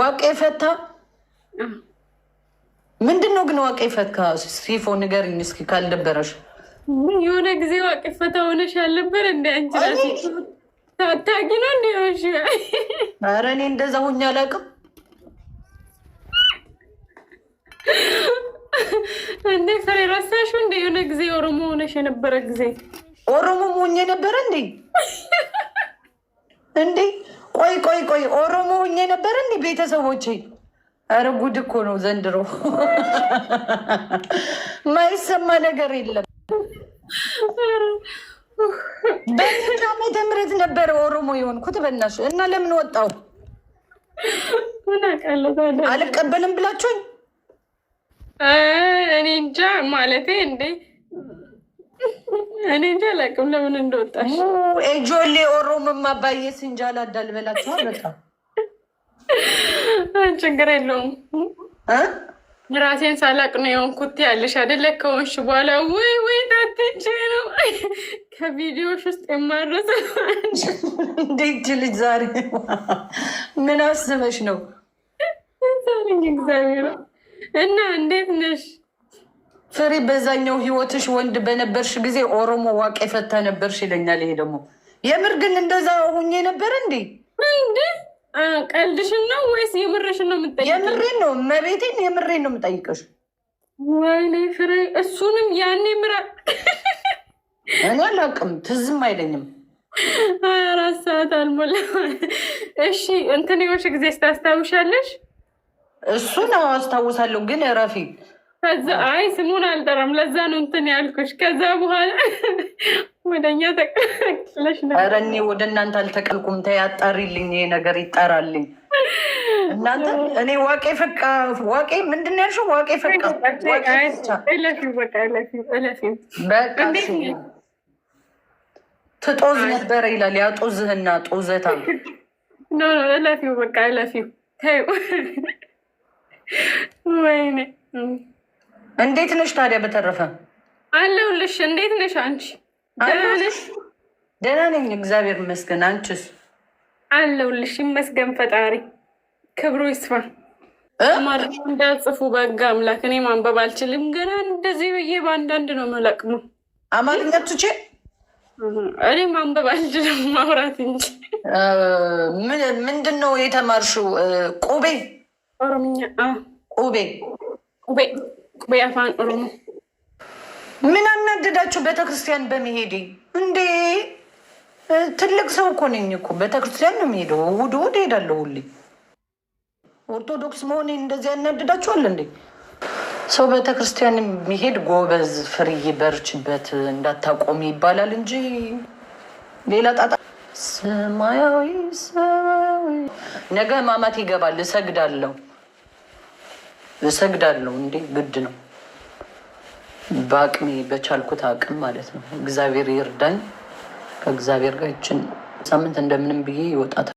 ዋቄ ፈታ ምንድን ነው ግን ዋቄ ፈታ? ሲፎ ንገሪኝ እስኪ ካልደበረሽ። የሆነ ጊዜ ዋቄ ፈታ ሆነሽ ያልነበር እንደ አንቺ ታታጊ ነው እንደ ሆንሽ። ኧረ እኔ እንደዛ ሆኜ አላውቅም። እንዴ ፍሬ ረሳሽው? እንደ የሆነ ጊዜ ኦሮሞ ሆነሽ የነበረ ጊዜ ኦሮሞ ሆኜ ነበረ እንዴ እንዴ ቆይ ቆይ ቆይ ኦሮሞ ሆኜ ነበር እንዲ ቤተሰቦቼ፣ ኧረ ጉድ እኮ ነው ዘንድሮ። ማይሰማ ነገር የለም። በምን ዓመተ ምህረት ነበረ ኦሮሞ የሆንኩት? በናሽ እና ለምን ወጣው አልቀበልም ብላችሁኝ እኔ እንጃ ማለቴ እንዴ እኔ እንጃ አላውቅም ለምን እንደወጣሽ። ኤጆሌ ኦሮምማ ባዬ ስንጃል አዳል አዳልበላችኋል። በጣም ችግር የለውም። ራሴን ሳላቅ ነው የሆንኩት ያለሽ አይደለ? ከሆንሽ በኋላ ወይ ወይ ታትቼ ነው ከቪዲዮሽ ውስጥ የማረሰ እንዴት ልጅ ዛሬ ምን አስበሽ ነው? ዛሬ እግዚአብሔር እና እንዴት ነሽ? ፍሬ በዛኛው ህይወትሽ ወንድ በነበርሽ ጊዜ ኦሮሞ ዋቅ የፈታ ነበርሽ ይለኛል። ይሄ ደግሞ የምር ግን እንደዛ ሁኜ ነበር እንዴ? እንዴ ቀልድሽን ነው ወይስ የምርሽን ነው የምጠይቀው? የምሬን ነው መቤቴን፣ የምሬን ነው የምጠይቀሽ። ወይኔ ፍሬ፣ እሱንም ያኔ ምራ እኔ አላውቅም፣ ትዝም አይለኝም። ሀያ አራት ሰዓት አልሞላ። እሺ እንትን የሆንሽ ጊዜ ስታስታውሻለሽ? እሱን አስታውሳለሁ፣ ግን ረፊ አይ ስሙን አልጠራም፣ ለዛ ነው እንትን ያልኩሽ። ከዛ በኋላ ወደኛ ተቀላቅለሽ ነው። ኧረ እኔ ወደ እናንተ አልተቀልኩም። ተይ አጣሪልኝ፣ ይሄ ነገር ይጠራልኝ። እናንተ እኔ ዋቄ ፈቃ ዋቄ ምንድን ነው ያልሽው? ዋቄ ፈቃ ትጦዝ ነበረ ይላል። ያጦዝህና ጦዘታ ኖ እለፊው፣ በቃ እለፊው። ተይው፣ ወይኔ እንዴት ነሽ ታዲያ? በተረፈ አለሁልሽ። እንዴት ነሽ አንቺ? ደህና ነኝ እግዚአብሔር ይመስገን። አንቺስ? አለሁልሽ ይመስገን ፈጣሪ ክብሩ ይስፋ። አማርኛ እንዳጽፉ በጋ አምላክ። እኔ ማንበብ አልችልም ገና እንደዚህ ብዬ በአንዳንድ ነው መለቅሙ አማርኛ ትቼ እኔ ማንበብ አልችልም ማውራት እንጂ። ምንድን ነው የተማርሽው? ቁቤ ኦሮምኛ ቁቤ ቁቤ በአፋን ኦሮሞ ምን አናደዳችሁ? ቤተክርስቲያን በመሄዴ እንዴ? ትልቅ ሰው እኮ ነኝ እኮ ቤተክርስቲያን ነው የሚሄደው። ውድ ውድ ሄዳለሁ ሁሌ። ኦርቶዶክስ መሆኔ እንደዚህ ያናደዳችኋል እንዴ? ሰው ቤተክርስቲያን የሚሄድ ጎበዝ፣ ፍርዬ በርችበት፣ እንዳታቆሚ ይባላል እንጂ ሌላ ጣጣ። ሰማያዊ ሰማያዊ ነገ ማማት ይገባል፣ እሰግዳለሁ እሰግዳለሁ እንዴ ግድ ነው። በአቅሜ በቻልኩት አቅም ማለት ነው። እግዚአብሔር ይርዳኝ። ከእግዚአብሔር ጋር ይችን ሳምንት እንደምንም ብዬ ይወጣታል።